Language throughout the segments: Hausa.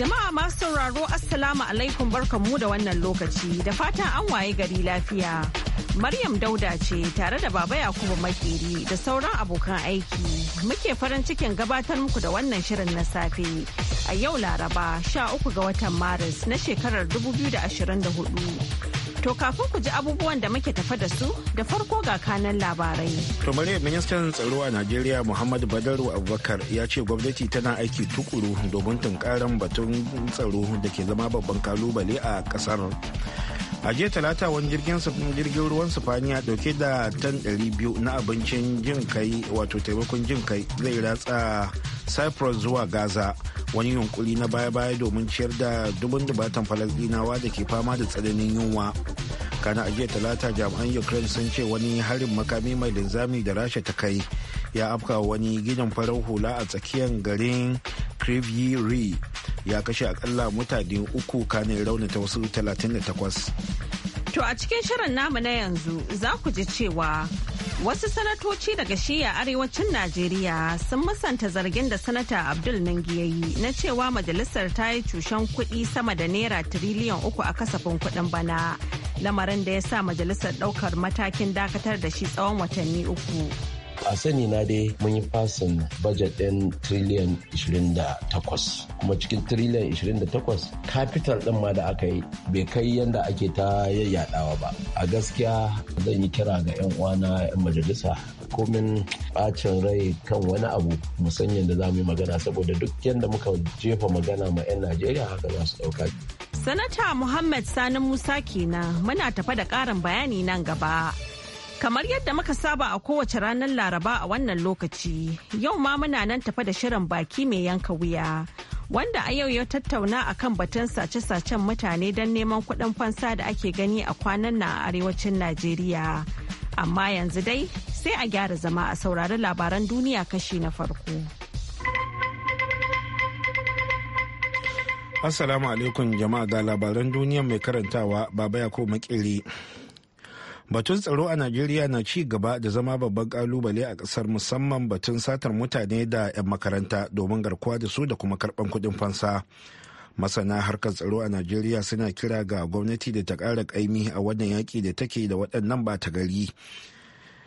Jama'a masu sauraro Assalamu alaikum mu da wannan lokaci da fatan an waye gari lafiya. Maryam Dauda ce tare da Baba Yakubu Makeri da sauran abokan aiki muke farin cikin gabatar muku da wannan shirin na safe a yau Laraba 13 ga watan Maris na shekarar 2024. To kafin ku ji abubuwan da muke tafa da su da farko ga kanan labarai. Tumare ministan tsaro a Najeriya Muhammadu Badaru Abubakar ya ce gwamnati tana aiki tukuru domin tunkarar batun tsaro da ke zama babban kalubale a kasar. A jiya talata wani jirgin ruwan Sifaniya dauke da tan 200 na abincin jin kai wato taimakon jin kai zai ratsa cyprus zuwa gaza wani yunkuri na baya-baya domin ciyar da dubun dubatan falasdinawa da ke fama da tsananin yunwa kana a talata jami'an ukraine sun ce wani harin makami mai linzami da rasha ta kai ya afka wani gidan farar hula a tsakiyar garin kriviri ya kashe akalla mutane uku kanin ta wasu 38 To a cikin shirin namu na yanzu za ku ji cewa Wasu sanatoci daga shiya arewacin Najeriya sun musanta zargin da sanata Abdul Nangi ya na cewa majalisar ta yi cushen kuɗi sama da naira tiriliyan uku a kasafin kuɗin bana. Lamarin da ya sa majalisar ɗaukar matakin dakatar da shi tsawon watanni uku. a sani na dai mun yi fasin budget ɗin triliyan 28 kuma cikin triliyan 28 capital ɗin ma da aka yi bai kai yadda ake ta yayyadawa ba a gaskiya zan yi kira ga 'yan uwana 'yan majalisa komin bacin rai kan wani abu musanyan da za mu yi magana saboda duk yadda muka jefa magana ma 'yan najeriya haka za su ɗauka sanata muhammad sani musa kenan muna tafa da ƙarin bayani nan gaba Kamar yadda muka saba a kowace ranar Laraba a wannan lokaci, yau ma muna nan tafa da shirin baki mai yanka wuya. Wanda a yau ya tattauna a kan batun sace-sacen mutane don neman kuɗin fansa da ake gani a kwanan na arewacin Najeriya. Amma yanzu dai sai a gyara zama a saurari labaran duniya kashi na farko. Assalamu alaikum jama'a ga labaran duniya mai karantawa Baba ya ko Makiri. Batun tsaro a Najeriya na ci gaba da zama babban kalubale a ƙasar musamman batun satar mutane da 'yan makaranta domin garkuwa da su da kuma karban kudin fansa. Masana harkar tsaro a Najeriya suna kira ga gwamnati da ta ƙara ƙaimi a wannan yaƙi da take da waɗannan ba ta gari.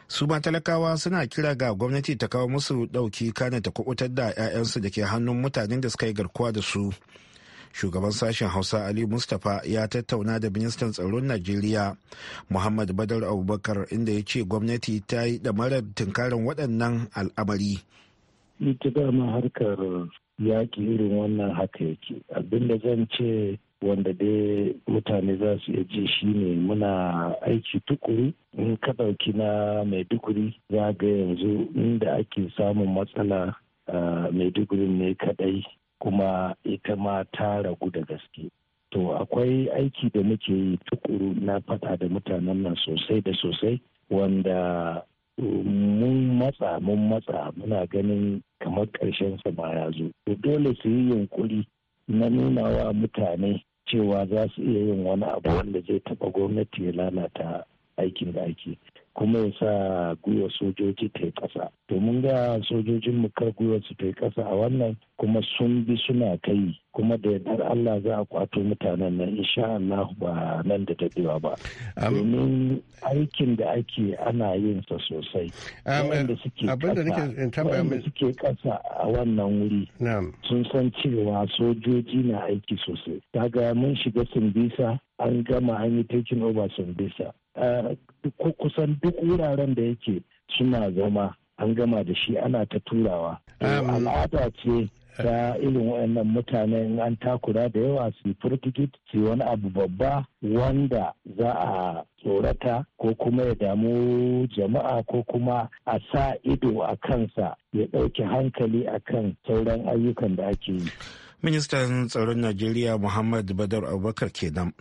Su ma talakawa suna kira ga gwamnati ta kawo musu ɗauki kana ta kuɓutar da 'ya'yansu da ke hannun mutanen da suka yi garkuwa da su. shugaban sashen hausa ali mustapha ya tattauna da ministan tsaron najeriya muhammad badar abubakar inda ya ce gwamnati ta yi da damarar tunkarin waɗannan al'amari harkar yaƙi irin wannan haka yake abinda zan ce wanda dai mutane za su iya ji ne muna aiki tukuru in ka ɗauki na maiduguri za ga yanzu inda ake samun matsala ah, maiduguri ne kaɗai kuma ita ma ta ragu da gaske to akwai aiki da muke yi tukuru na faɗa da mutanen nan sosai da sosai wanda uh, mun matsa mun matsa muna ganin kamar ƙarshen sa ba ya zo to dole su yi yunkuri na nuna wa mutane cewa za su iya yin wani abu wanda zai taɓa gwamnati ya lalata aikin da ake kuma ya sa gwiwa sojoji ta yi ƙasa domin ga sojojin mukar gwiwa su ta yi ƙasa a wannan kuma sun bi suna kai kuma da yadda Allah za a kwato mutanen nan insha Allah ba nan da dadewa ba domin aikin da ake ana yin sa sosai wanda suke wanda ƙasa a wannan wuri sun san cewa sojoji na aiki sosai Daga mun shiga Sumbisa an gama an yi taking over Sumbisa Eh, kusan duk wuraren da yake suna zama an gama da shi ana ta turawa um, al'ada ce ta irin waɗannan mutanen an takura da yawa su furtikit su wani abu babba wanda za a tsorata ko kuma ya damu jama'a ko kuma a sa ido a kansa ya ɗauki hankali a kan sauran ayyukan da ake yi. ministan tsaron najeriya muhammad badar abubakar kenan.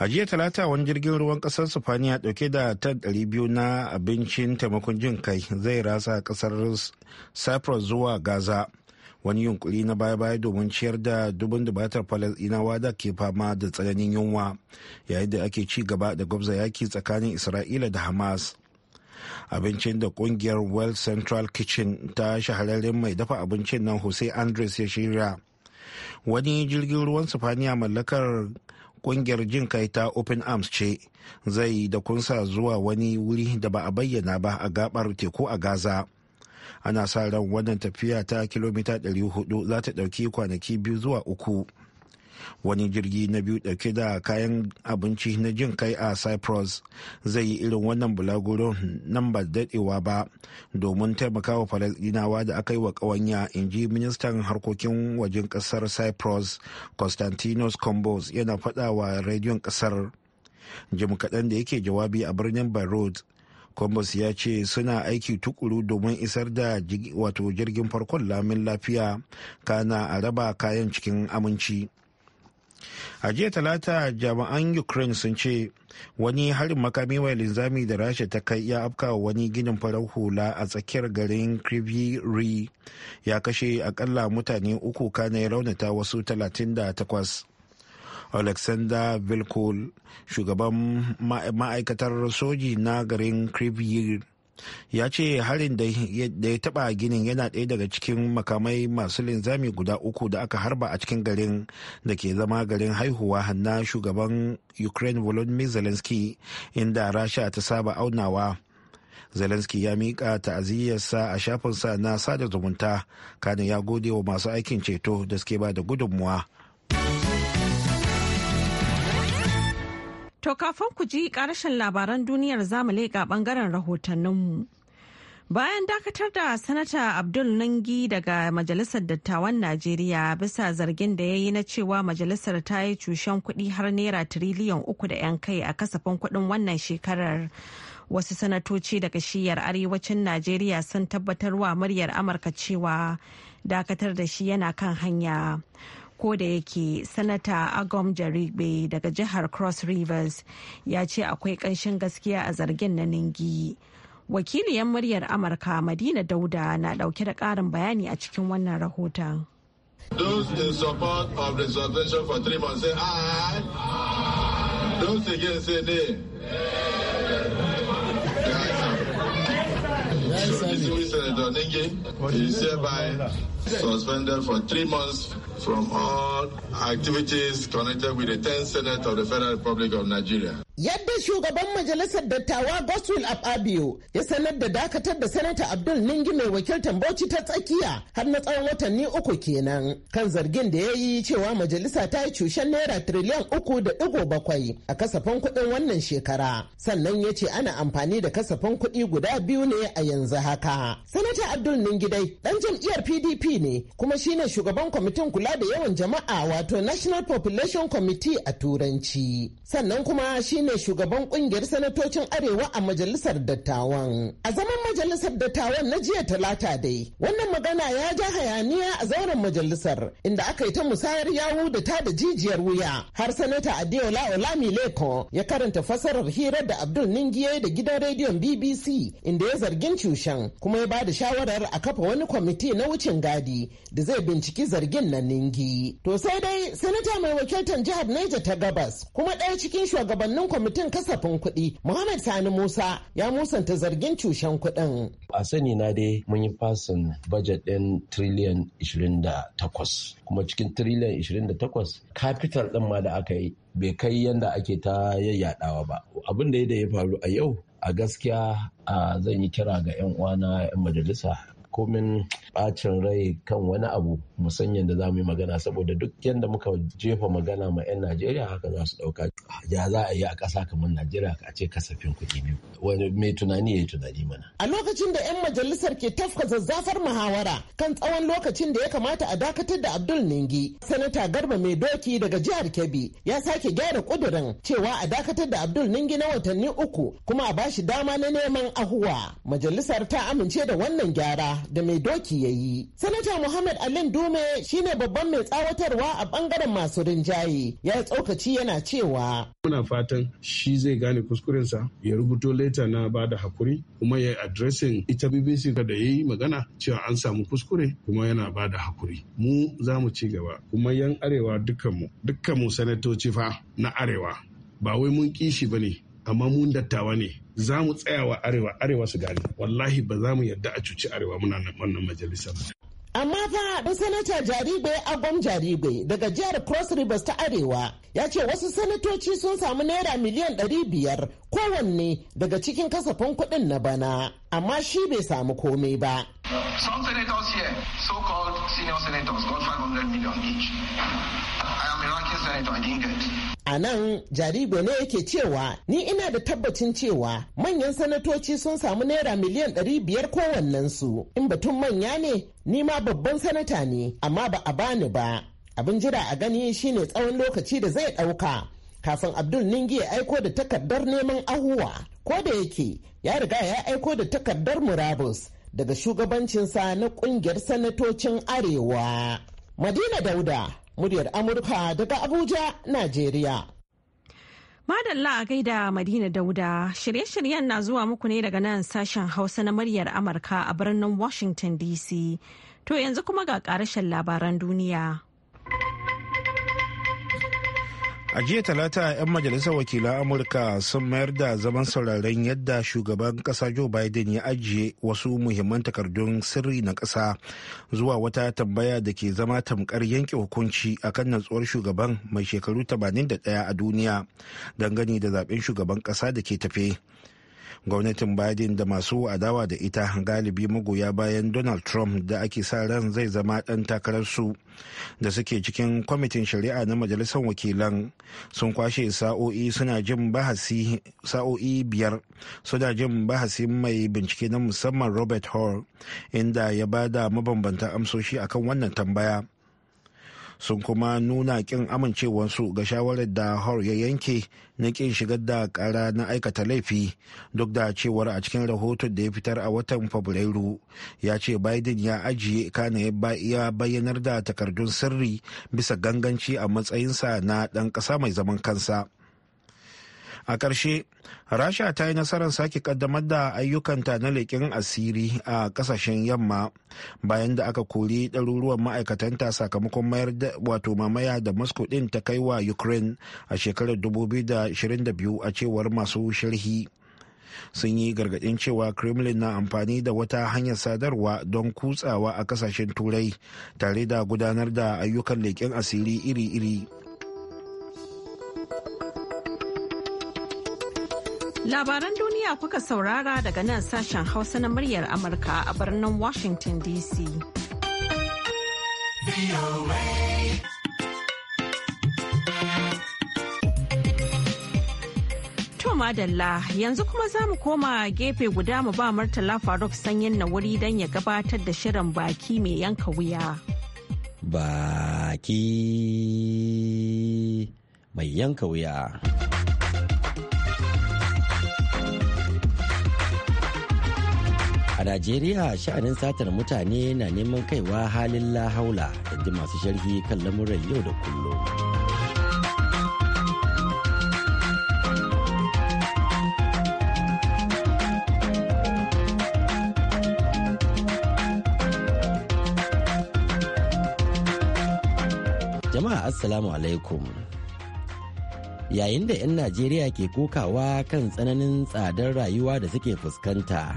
a jiya talata wani jirgin ruwan kasar sifaniya dauke da tan biyu na abincin taimakon jin kai zai rasa kasar cyprus zuwa gaza wani yunkuri na baya-baya domin ciyar da dubin dubatar falasɗinawa da ke fama da tsananin yunwa yayin da ake ci gaba da gwabza yaki tsakanin isra'ila da hamas abincin da kungiyar world central kitchen ta shahararren mai dafa abincin nan jose andres ya shirya wani jirgin ruwan sifaniya mallakar kungiyar jin kai ta open arms ce zai da kunsa zuwa wani wuri da ba a bayyana ba a gabar teku a gaza ana sa ran wannan tafiya ta kilomita 400 za ta ɗauki kwanaki biyu zuwa uku wani jirgi na biyu dauke da kayan abinci na jin kai a cyprus zai yi irin wannan bulaguro nan ba daɗewa ba domin taimakawa falasɗinawa da aka yi wa ƙawanya in ji ministan harkokin wajen ƙasar cyprus constantinos combos yana faɗawa wa rediyon ƙasar jim kaɗan da yake jawabi a birnin beirut Kwambas ya ce suna aiki tukuru domin isar da wato jirgin farkon lamin lafiya kana a raba kayan cikin aminci. a jiya talata jami'an ukraine sun ce wani harin makami mai linzami da rasha ta kai ya afkawa wani ginin farar hula a tsakiyar garin kriviri ya kashe akalla mutane uku kane raunata wasu 38 alexander vilkul shugaban ma'aikatar soji na garin kriviri ya ce harin da ya taba ginin yana ɗaya daga cikin makamai masu linzami guda uku da aka harba a cikin garin da ke zama garin haihuwa na shugaban ukraine volodymyr zelensky inda rasha ta saba aunawa zelensky ya miƙa ta'aziyyarsa a shafinsa na sada zumunta kanin ya gode wa masu aikin ceto da suke ba da gudunmuwa To kafin ku ji karashin labaran duniyar zamu leƙa bangaren rahotanninmu. Bayan dakatar da Sanata Abdul Nangi daga Majalisar Dattawan Najeriya bisa zargin da ya yi na cewa majalisar ta yi cushen kuɗi har naira tiriliyan uku da 'yan kai a kasafin kuɗin wannan shekarar. wasu sanatoci daga shiyar arewacin najeriya sun tabbatar wa muryar amurka cewa dakatar da shi yana kan hanya ko da yake sanata agom jaribe daga jihar cross rivers ya ce akwai ƙanshin gaskiya a zargin na ningi wakiliyar muryar amurka madina dauda na ɗauke da ƙarin bayani a cikin wannan rahoton Those in support of the suspension for three months say aye. Those against say nay. The suspended for three months from all activities connected with the 10th Senate of the Federal Republic of Nigeria. Yadda shugaban majalisar dattawa Goswill Ababio ya sanar da dakatar da Sanata Abdul Ningi mai wakiltar Bauchi ta tsakiya har na tsawon watanni uku kenan kan zargin da ya yi cewa majalisa ta yi cushen naira triliyan uku da digo bakwai a kasafin kuɗin wannan shekara. Sannan ya ce ana amfani da kasafin kuɗi guda biyu ne a yanzu haka. Sanata Abdul Ningi dai ɗan jam'iyyar PDP ne kuma shine shugaban kwamitin kula da yawan jama'a wato National Population Committee a turanci. Sannan kuma shine shugaban kungiyar sanatocin Arewa a majalisar dattawan. A zaman majalisar dattawan na jiya talata dai wannan magana ya ja hayaniya a zauren majalisar inda aka yi ta musayar yawu da ta da jijiyar wuya har sanata Adeola Olamileko ya karanta fasarar hirar da Abdul Ningiye da gidan rediyon BBC inda ya zargin cushen kuma ya ba da shawarar a kafa wani kwamiti na wucin gadi. da zai binciki zargin na ningi. To sai dai sanata mai wakiltar jihar Niger ta gabas kuma ɗaya cikin shugabannin kwamitin kasafin kuɗi Muhammad Sani Musa ya musanta zargin cushen kuɗin. A sani na dai mun yi fasin bajet ɗin trillion 28 kuma cikin trillion 28 kafital ɗin ma da aka yi bai kai yadda ake ta yayyadawa ba abin da ya faru a yau a gaskiya zan yi kira ga 'yan uwana 'yan majalisa komin bacin rai kan wani abu musan yadda za mu yi magana saboda duk yadda muka jefa magana ma 'yan najeriya haka za su ɗauka ya za a yi a ƙasa kamar najeriya a ce kasafin kuɗi biyu wani mai tunani ya yi tunani mana a lokacin da 'yan majalisar ke tafka zazzafar muhawara kan tsawon lokacin da ya kamata a dakatar da abdul ningi sanata garba mai doki daga jihar kebbi ya sake gyara kudurin cewa a dakatar da abdul ningi na watanni uku kuma a bashi dama na neman ahuwa majalisar ta amince da wannan gyara da mai doki ya yi. Sanata Muhammad Alin Dume shine babban mai tsawatarwa a bangaren masu rinjaye ya tsokaci yana cewa. Muna fatan shi zai gane kuskurensa ya rubuto leta na ba da hakuri kuma ya addressing ita BBC da ya yi magana cewa an samu kuskure kuma yana ba da hakuri. Mu za mu ci gaba kuma yan arewa dukkanmu dukkanmu sanatoci fa na arewa ba wai mun kishi ba ne amma mun dattawa ne za mu tsayawa arewa arewa su gani wallahi ba za mu yarda a cuci arewa muna wannan majalisar amma fa ɗan sanata jaribe agwam jaribe daga jihar cross rivers ta arewa ya ce wasu sanatoci sun samu naira miliyan 500 kowanne daga cikin kasafin kuɗin na bana amma shi bai samu komai ba Some senators here, so-called senior senators, got 500 million each. I am a ranking senator, I didn't get. A nan jaribe ne yake cewa ni ina da tabbacin cewa manyan sanatoci sun samu naira miliyan ɗari 500 kowannensu in batun manya ne ni ma babban sanata ne amma ba a bani ba. Abin jira a gani shine tsawon lokaci da zai ɗauka kafin Abdul Ningi ya aiko da takardar neman ahuwa ko da yake ya riga ya aiko da takardar murabus daga shugabancinsa na ƙungiyar sanatocin arewa. Madina Dauda muryar Amurka daga Abuja, Najeriya. Madalla a gaida Madina Dauda, shirye-shiryen na zuwa muku ne daga nan sashen Hausa na muryar Amurka a birnin Washington DC. To yanzu kuma ga karashen labaran duniya. a jiya talata 'yan majalisar wakilan amurka sun mayar da zaman sauraren yadda shugaban kasa joe biden ya ajiye wasu muhimman takardun sirri na kasa zuwa wata tambaya da ke zama tamkar yanke hukunci a kan natsuwar shugaban mai shekaru 81 a duniya dangane da zaben shugaban kasa da ke tafe gwamnatin biden da masu adawa da ita galibi magoya bayan donald trump da ake sa ran zai zama ɗan su da suke cikin kwamitin shari'a na majalisar wakilan sun kwashe sa'o'i suna jin bahasi sa'o'i biyar suna jin bahasi mai bincike na musamman robert hall inda ya bada mabambanta amsoshi akan wannan tambaya sun kuma nuna kin amincewarsu ga shawarar da hor ya yanke na kin shigar da kara na aikata laifi duk da cewar a cikin rahoton da ya fitar a watan fabrairu ya ce biden ya ajiye kana ya bayyanar da takardun sirri bisa ganganci a matsayinsa na ɗan ƙasa mai zaman kansa a ƙarshe rasha ta yi nasarar sake kaddamar da ayyukanta na leƙen asiri a ƙasashen yamma bayan da aka kori ɗaruruwan ma'aikatanta sakamakon mayar da wato mamaya da moscow ɗin ta kai wa ukraine a shekarar 2022 a cewar masu sharhi sun yi gargaɗin cewa kremlin na amfani da wata hanyar sadarwa don kutsawa a kasashen turai tare da gudanar da ayyukan leƙen asiri iri-iri Labaran duniya kuka saurara daga nan sashen Hausa na muryar Amurka a birnin Washington DC. madalla yanzu kuma za mu koma gefe guda mu ba Murtala faruk sanyin na wuri don ya gabatar da shirin baki mai yanka wuya baki mai yanka wuya a najeriya sha'anin satar mutane na neman kaiwa halin lahaula ji masu sharhi kan lamuran yau da kullum jama'a assalamu alaikum yayin da 'yan najeriya ke kokawa kan tsananin tsadar rayuwa da suke fuskanta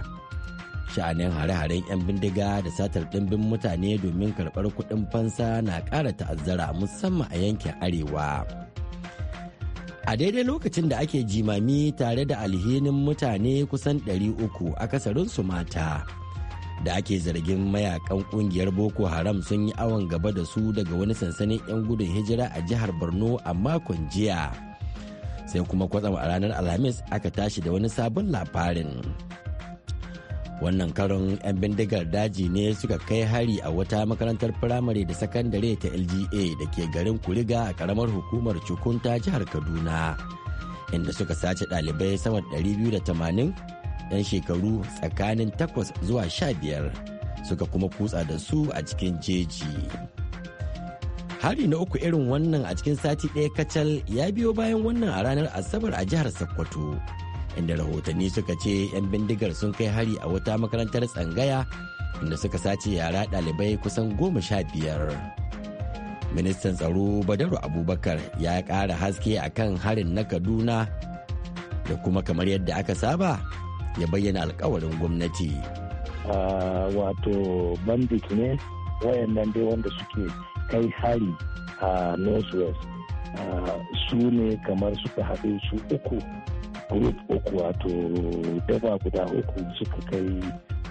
sha'anin hare-haren 'yan bindiga da satar ɗimbin mutane domin karɓar kuɗin fansa na ƙara ta'azzara musamman a yankin arewa a daidai lokacin da ake jimami tare da alhinin mutane kusan 300 a akasarinsu mata da ake zargin mayakan kungiyar boko haram sun yi awon gaba da su daga wani sansanin 'yan gudun hijira a jihar borno a makon jiya sai kuma kwatsam a ranar alhamis aka tashi da wani sabon labarin wannan karon 'yan bindigar daji ne suka kai hari a wata makarantar firamare da sakandare ta lga da ke garin kuriga a karamar hukumar cukunta jihar kaduna inda suka sace ɗalibai sama 280 'yan shekaru tsakanin 8 zuwa 15 suka kuma kutsa da su a cikin jeji. hari na uku irin wannan a cikin sati ɗaya kacal ya biyo bayan wannan a ranar asabar a jihar sokoto inda rahotanni suka ce 'yan bindigar sun kai hari a wata makarantar tsangaya inda suka sace yara ɗalibai kusan goma sha biyar. Ministan tsaro Badaru Abubakar ya ƙara haske a kan harin na Kaduna da kuma kamar yadda aka saba ya bayyana alkawarin gwamnati. Wato bandit ne wayannan dai wanda suke kai hari a Northwest su ne kamar suka haɗe su uku group uku wato daba guda uku suka kai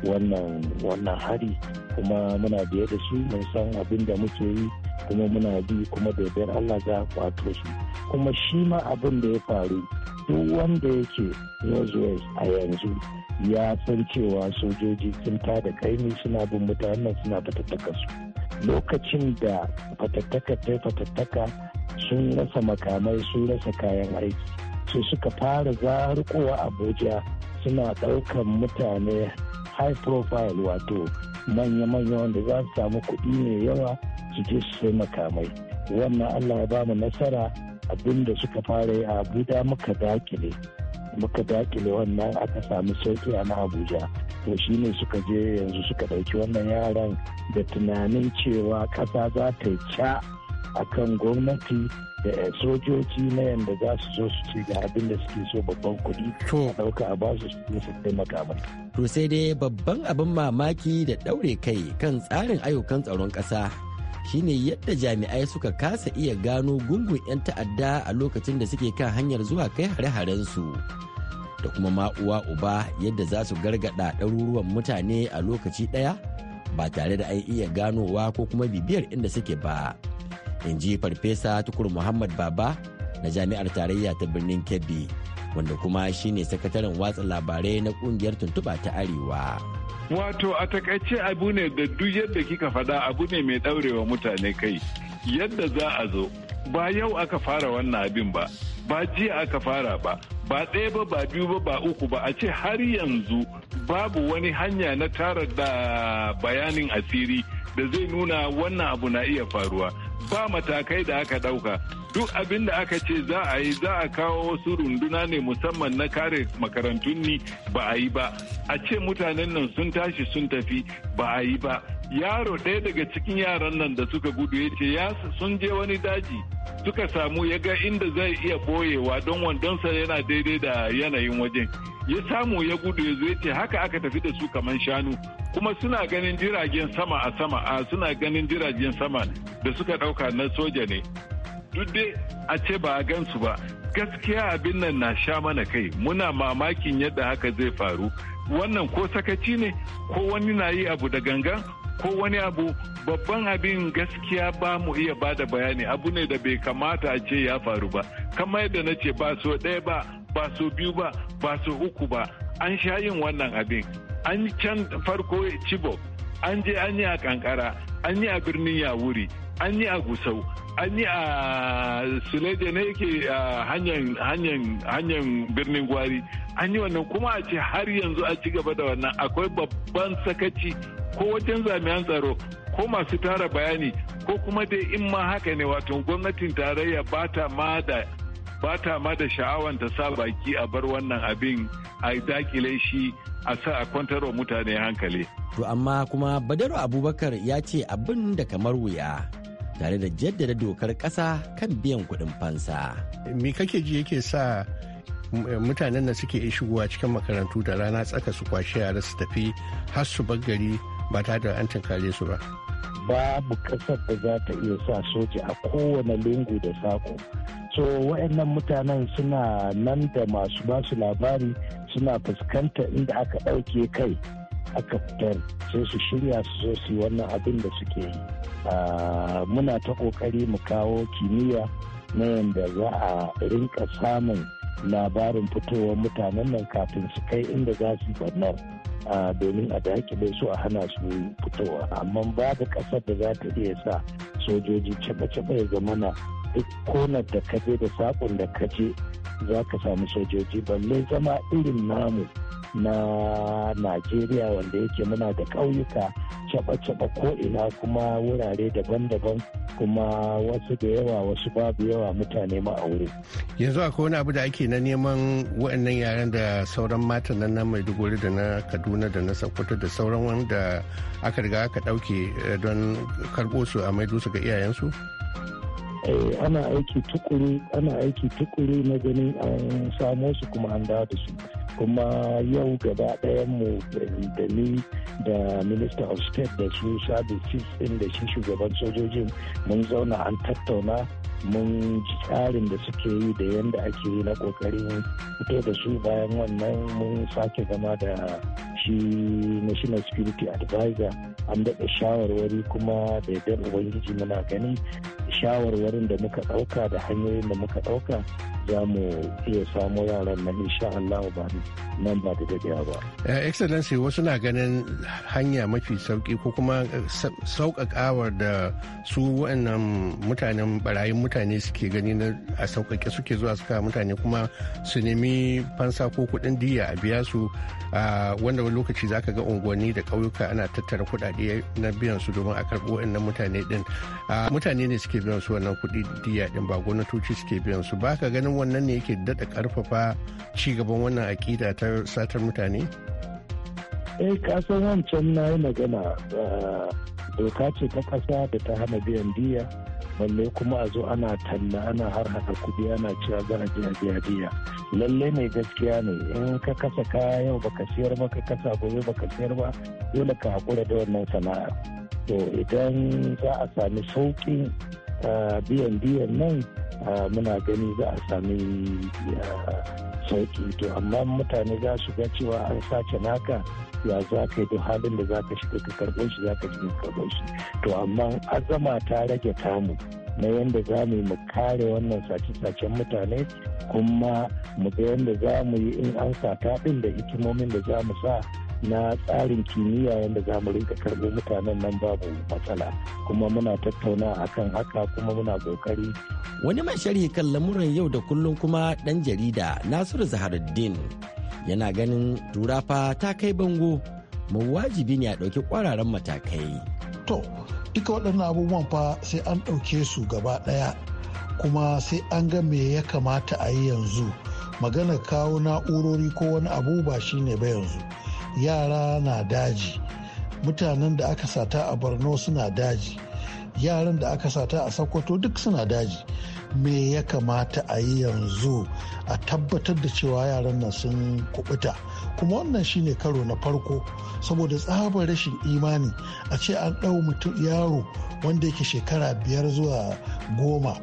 wannan wannan hari kuma muna biye da su mun san abin da muke yi kuma muna bi kuma da Allah za a kwato su kuma shi ma abin da ya faru duk wanda yake Northwest a yanzu ya san cewa sojoji sun da kaimi suna bin mutanen suna fatattaka su lokacin da fatattaka ta fatattaka sun rasa makamai sun rasa kayan aiki su suka fara zarukowa abuja suna ɗaukan mutane high profile wato manya-manya wanda za su samu kuɗi mai yawa su je su sai makamai wannan allah ya bamu nasara abinda suka fara yi a abuja muka dakile muka dakile wannan aka samu sauki a na abuja to shine suka je yanzu suka ɗauki wannan yaran da tunanin cewa ƙasa za ta ca akan gwamnati da sojoji na yadda za su zo su ci ga abin da suke so babban kuɗi a ɗauka a basu su su taimaka mai. To sai dai babban abin mamaki da ɗaure kai kan tsarin ayyukan tsaron ƙasa shine yadda jami'ai suka kasa iya gano gungun 'yan ta'adda a lokacin da suke kan hanyar zuwa kai hare-haren su. Da kuma ma uwa uba yadda za su gargada ɗaruruwan mutane a lokaci ɗaya ba tare da an iya ganowa ko kuma bibiyar inda suke ba. in ji farfesa tukur muhammad baba na jami'ar tarayya ta birnin kebbi wanda kuma shine sakataren watsa labarai na kungiyar tuntuba ta arewa wato a takaice abu ne da duk yadda kika faɗa abu ne mai ɗaurewa mutane kai yadda za a zo ba yau aka fara wannan abin ba ba jiya aka fara ba ba ɗaya ba ba biyu ba ba uku ba a ce har yanzu babu wani hanya na tara da bayanin asiri da zai nuna wannan abu na iya faruwa ba matakai da aka ɗauka duk abin da aka ce za a yi za a kawo wasu runduna ne musamman na kare makarantun ni ba a yi ba a ce mutanen nan sun tashi sun tafi ba a yi ba yaro ɗaya daga cikin yaran nan da suka gudu ya ce sun je wani daji suka samu ya ga inda zai iya boyewa don wandonsa yana daidai da yanayin wajen ya samu ya gudu ya zai ce haka aka tafi da su kamar shanu kuma suna ganin jiragen sama a sama a suna ganin jiragen sama da suka ɗauka na soja ne duk dai a ce ba a gansu ba gaskiya abin nan na sha mana kai muna mamakin yadda haka zai faru wannan ko sakaci ne ko wani na yi abu da gangan ko wani abu babban abin gaskiya ba mu iya ba da bayani abu ne da bai kamata a ce ya faru ba kamar yadda na ce ba so ɗaya ba ba so biyu ba ba so uku ba an sha yin wannan abin an can farko chibok an je an yi a kankara an yi a birnin yawuri an yi a gusau an yi a suleja ne yake hanyar birnin gwari an yi wannan kuma a ce har yanzu a ci gaba da wannan akwai babban sakaci ko wajen zami'an tsaro ko masu tara bayani ko kuma dai in ma haka ne wato gwamnatin tarayya ba ta ma da ba ta ma da sha'awan ta sa baki a bar wannan abin a dakile shi a sa a kwantar wa mutane hankali. To amma kuma Badaru Abubakar ya ce abin da kamar wuya tare da jaddada dokar ƙasa kan biyan kuɗin fansa. Me kake ji yake sa mutanen da suke shigowa cikin makarantu da rana tsaka su kwashe yara su tafi har su gari ba tare da an su ba. Babu ƙasar da za ta iya sa soja a kowane lungu da sako. to waɗannan mutanen suna nan da masu basu labari suna fuskantar inda aka ɗauke kai aka fitar sai su shirya su zo su wannan abin da suke yi ah, muna ta ƙoƙari mu kawo kimiyya na yadda za a rinka samun labarin fitowar mutanen nan kafin su kai inda za su bannar ah, domin a dakile su a hana su fitowa amma babu ƙasar da za ta iya sa sojoji caba-caba ya zamana duk konar da ka je da sakon da ka je za ka samu sojoji balle zama irin namu na najeriya wanda yake muna da ƙauyuka caɓa ko ina kuma wurare daban-daban kuma wasu da yawa wasu babu yawa mutane ma aure. yanzu akwai wani abu da ake na neman waɗannan yaren da sauran matan nan na maiduguri da na kaduna da na sokoto da sauran wanda aka riga aka ɗauke eh, don karɓo su a maido su ga iyayensu? Eh, ana aiki tukuru ana aiki tukuru na gani an samo su kuma an da su kuma yau gaba ɗayan mu eh, da ni da minister of state da su sabis chief da shi shugaban sojojin mun zauna an tattauna mun ji tsarin da suke yi da yadda ake yi na kokarin fito da su bayan wannan mun sake zama da shi national security advisor an daɗa shawarwari kuma da yadda ubangiji muna gani shawarwarin da muka ɗauka da hanyoyin da muka ɗauka za mu iya samo yaran nan insha Allah ba nan ba da daɗewa ba. Excellency wasu na ganin hanya mafi sauki ko kuma eh, sauƙaƙawar da su wa'annan mutanen barayin mutane suke gani na a sauƙaƙe suke zuwa suka mutane kuma su nemi fansa ko kuɗin diya a biya su wanda wani lokaci za ka ga unguwanni da ƙauyuka ana tattara kuɗaɗe na biyan su domin a karɓo wa'annan mutane ɗin mutane ne suke biyan su wannan kuɗi diya din ba gwamnatoci suke biyan su ba ka ganin wannan ne yake daɗa ƙarfafa gaban wannan aƙida ta satar mutane? eh kasan wancan na yi magana eh, doka ce ta ƙasa da ta hana biyan diya balle kuma a zo ana talla ana har haka kuɗi ana cewa za a biya biya biya lalle ne gaskiya ne in ka kasa kaya yau baka siyar ba ka kasa gobe baka siyar ba dole ka haƙura da wannan sana'a to idan za a sami sauƙi BnB biyan nan muna gani za a sami sauki to amma mutane za su ga cewa an sace naka ya za ka yi duk halin da za ka shiga ka karɓo shi za ka shiga ka karɓo shi to amma azama ta rage tamu na yadda za mu yi mu kare wannan sace-sacen mutane kuma mu ga yadda za mu yi in an sata ɗin da hikimomin da za mu sa na tsarin kimiyya yadda za mu rinka karɓo mutanen nan babu matsala kuma muna tattauna kan haka kuma muna kokari wani mai sharhi kan lamuran yau da kullum kuma ɗan jarida nasiru zaharuddin yana ganin turafa ta kai bango mu wajibi ne a ɗauki ƙwararan matakai to duka waɗannan abubuwan fa sai an ɗauke su gaba ɗaya kuma sai an ga me ya kamata a yi yanzu magana kawo na'urori ko wani abu ba shine ba yanzu yara na daji mutanen da aka sata a borno suna daji yaran da aka sata a sokoto duk suna daji me ya kamata a yi yanzu a tabbatar da cewa yaran nan sun kubuta kuma wannan shine karo na farko saboda tsabar rashin imani a ce an ɗau mutum yaro wanda yake shekara biyar zuwa goma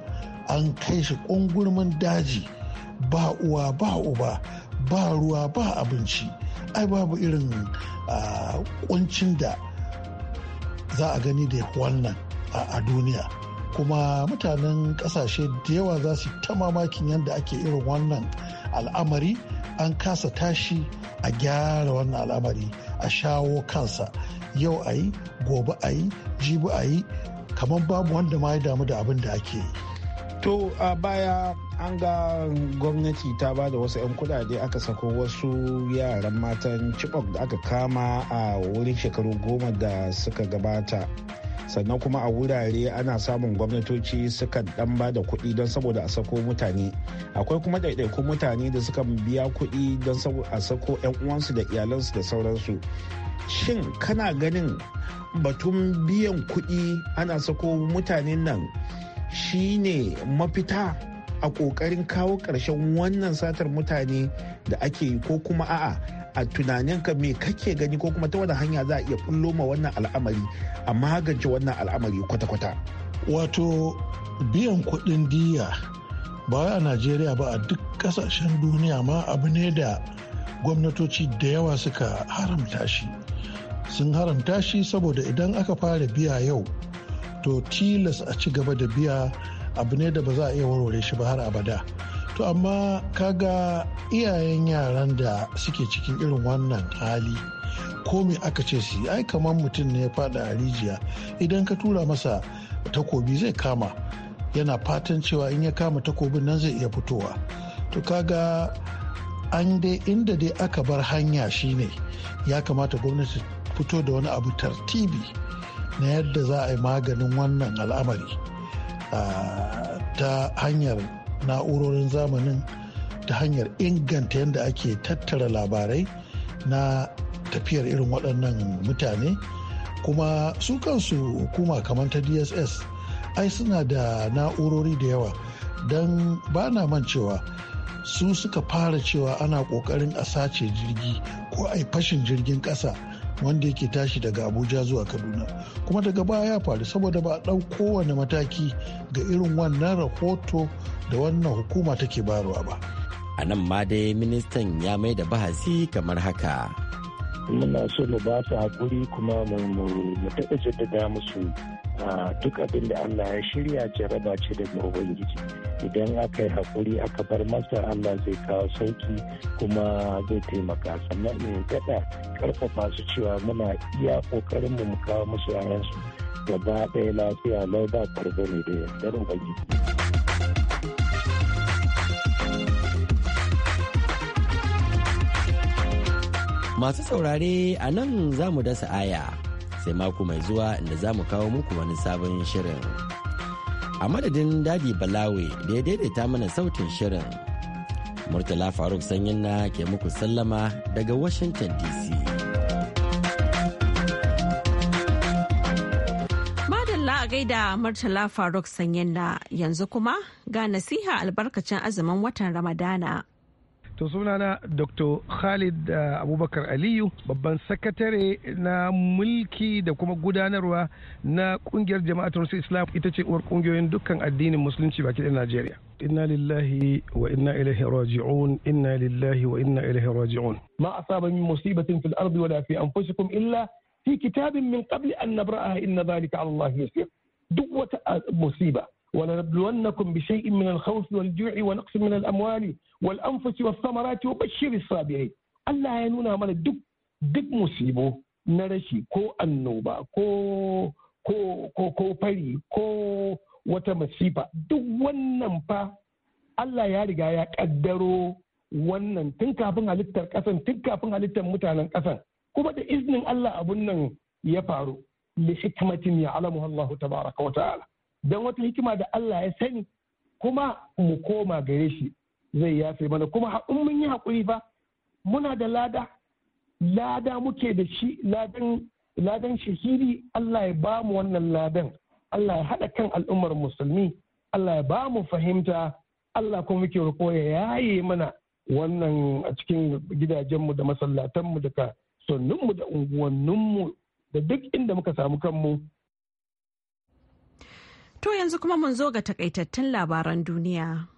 an kai shi ƙungurmin daji ba uwa ba uba ba ruwa ba abinci ai babu irin kuncin da za a gani da wannan a duniya kuma mutanen kasashe da yawa za su ta mamakin yadda ake irin wannan al'amari an kasa tashi a gyara wannan al'amari a shawo kansa yau a yi gobe a yi jibi a yi kamar babu wanda ma ya damu da abin da ake yi to a baya an ga gwamnati ta ba da wasu 'yan kudade aka sako wasu yaran matan chibok da aka kama a wurin shekaru goma da suka gabata sannan kuma a wurare ana samun gwamnatoci suka dan ba da kuɗi don saboda a sako mutane akwai kuma ɗaiɗaikun mutane da suka biya kuɗi don a sako 'yan uwansu da iyalansu da sauransu shin kana ganin batun biyan kuɗi ana sako mutanen nan shine mafita a ƙoƙarin kawo ƙarshen wannan satar mutane da ake yi ko kuma a'a a tunanin ka me kake gani ko kuma ta wani hanya za a iya bullo ma wannan al'amari a magance wannan al'amari kwata-kwata. Wato biyan kuɗin diya ba a Najeriya ba a duk ƙasashen duniya ma abu ne da gwamnatoci da yawa suka haramta shi. Sun haramta shi saboda idan aka fara biya yau to tilas a ci gaba da biya abu ne da ba za a iya warware shi ba har abada to amma kaga iyayen yaran da suke cikin irin wannan hali ko komi aka ce su ai kamar mutum ne ya fada a rijiya idan ka tura masa takobi zai kama yana fatan cewa in ya kama takobin nan zai iya fitowa to kaga an dai inda dai aka bar hanya shine ya kamata gwamnati fito da wani abu tartibi na yadda za a yi maganin wannan al'amari ta hanyar na'urorin zamanin ta hanyar inganta yadda ake tattara labarai na tafiyar irin waɗannan mutane kuma su kansu hukuma kamar ta dss ai suna da na'urori da yawa don ba na man cewa su suka fara cewa ana ƙoƙarin a sace jirgi ko a yi fashin jirgin ƙasa wanda yake tashi daga abuja zuwa kaduna kuma daga baya ya faru saboda ba a ɗau kowane mataki ga irin wannan rahoto da wannan hukuma take barwa ba a nan ma dai ministan ya mai da bahasi kamar haka muna so mu ba su haƙuri kuma mu taɓa jaddada musu duk abin da Allah ya shirya jaraba ce daga Ubangiji idan aka yi haƙuri aka bar masa Allah zai kawo sauki kuma zai taimaka sannan in daɗa ƙarfafa su cewa muna iya ƙoƙarin mu kawo musu yayansu gaba ɗaya lafiya lau ba ne da yardar Ubangiji. Masu saurare a nan za mu dasa aya sai mako mai zuwa inda za mu kawo muku wani sabon shirin. A madadin Dadi Balawe da ya daidaita mana sautin shirin. Murtala Faruk Sanyin na ke muku sallama daga Washington DC. Madalla a Murtala Faruk Sanyin na yanzu kuma ga nasiha albarkacin azumin watan Ramadana. to sunana dr khalid uh, abubakar aliyu babban sakatare na mulki da kuma gudanarwa na kungiyar jama'atar islam ita ce uwar kungiyoyin dukkan addinin musulunci baki ɗin najeriya inna lillahi wa inna ilaihi raji'un inna lillahi wa inna ilaihi raji'un ma asaba min musibatin fil ardi wala fi anfusikum illa fi kitabin min qabli an nabra'aha inna dhalika 'ala Allah yasir duk wata uh, musiba ولنبلونكم بشيء من الخوف والجوع ونقص من amwali. wal anfusi was samarati wa bashiris sabirin Allah ya nuna mana duk duk musibo na rashi ko annoba ko ko ko wata masifa duk wannan fa Allah ya riga ya kaddaro wannan tun kafin halittar kasan tun kafin halittar mutanen kasan kuma da iznin Allah abun nan ya faru li hikmatin ya alamu Allah tabaraka wa ta'ala dan wata hikima da Allah ya sani kuma mu koma gare shi zai yafe mana kuma in mun yi haƙuri ba muna da lada lada muke da shi ladan ladan shahiri Allah ya ba mu wannan ladan Allah ya haɗa kan al'ummar musulmi Allah ya ba mu fahimta Allah kuma muke roƙo ya yaye mana wannan a cikin gidajenmu da masallatanmu da sannunmu da unguwanninmu da duk inda muka samu kanmu. To yanzu kuma mun zo ga takaitattun labaran duniya.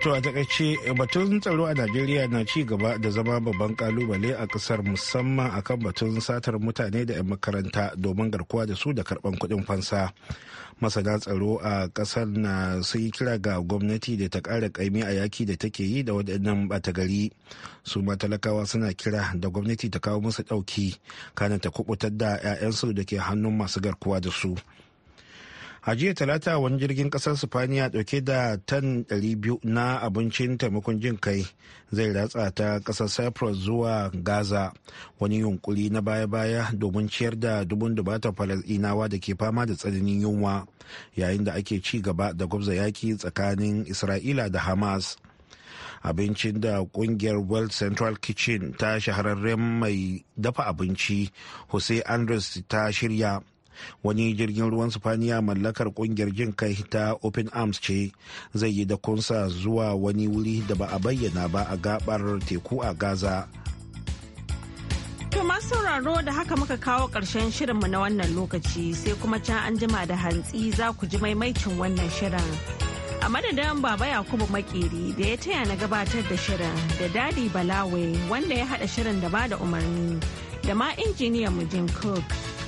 To a takaice batun tsaro a Najeriya na ci gaba da zama babban kalubale a kasar musamman akan batun satar mutane da 'yan makaranta domin garkuwa da su da karban kudin fansa. Masana tsaro a kasar na sun yi kira ga gwamnati da ta ƙara ƙaimi a yaki da take yi da waɗannan ɓata gari. Su ma talakawa suna kira da gwamnati ta kawo musu ɗauki kana ta kubutar da 'ya'yansu da ke hannun masu garkuwa da su. a jiya talata wani jirgin kasar sifaniya dauke da tan 200 na abincin taimakon jin kai zai ratsa ta kasar cyprus zuwa gaza wani yunkuri na baya-baya domin ciyar da dubun dubatar falasɗinawa da ke fama da tsananin yunwa yayin da ake ci gaba da gwabza yaki tsakanin isra'ila da hamas abincin da kungiyar world central kitchen ta shahararren mai dafa abinci jose andres ta shirya wani jirgin ruwan sifaniya mallakar kungiyar jin kai ta open arms ce zai yi da kunsa zuwa wani wuri da ba a bayyana ba a gabar teku a gaza To masu sauraro da haka muka kawo ƙarshen shirinmu na wannan lokaci sai kuma can an jima da hantsi za ku ji maimaicin wannan shirin. A madadin Baba Yakubu Makeri da ya taya na gabatar da shirin da Dadi Balawe wanda ya hada shirin da bada umarni da ma injiniyan mu Jim Cook.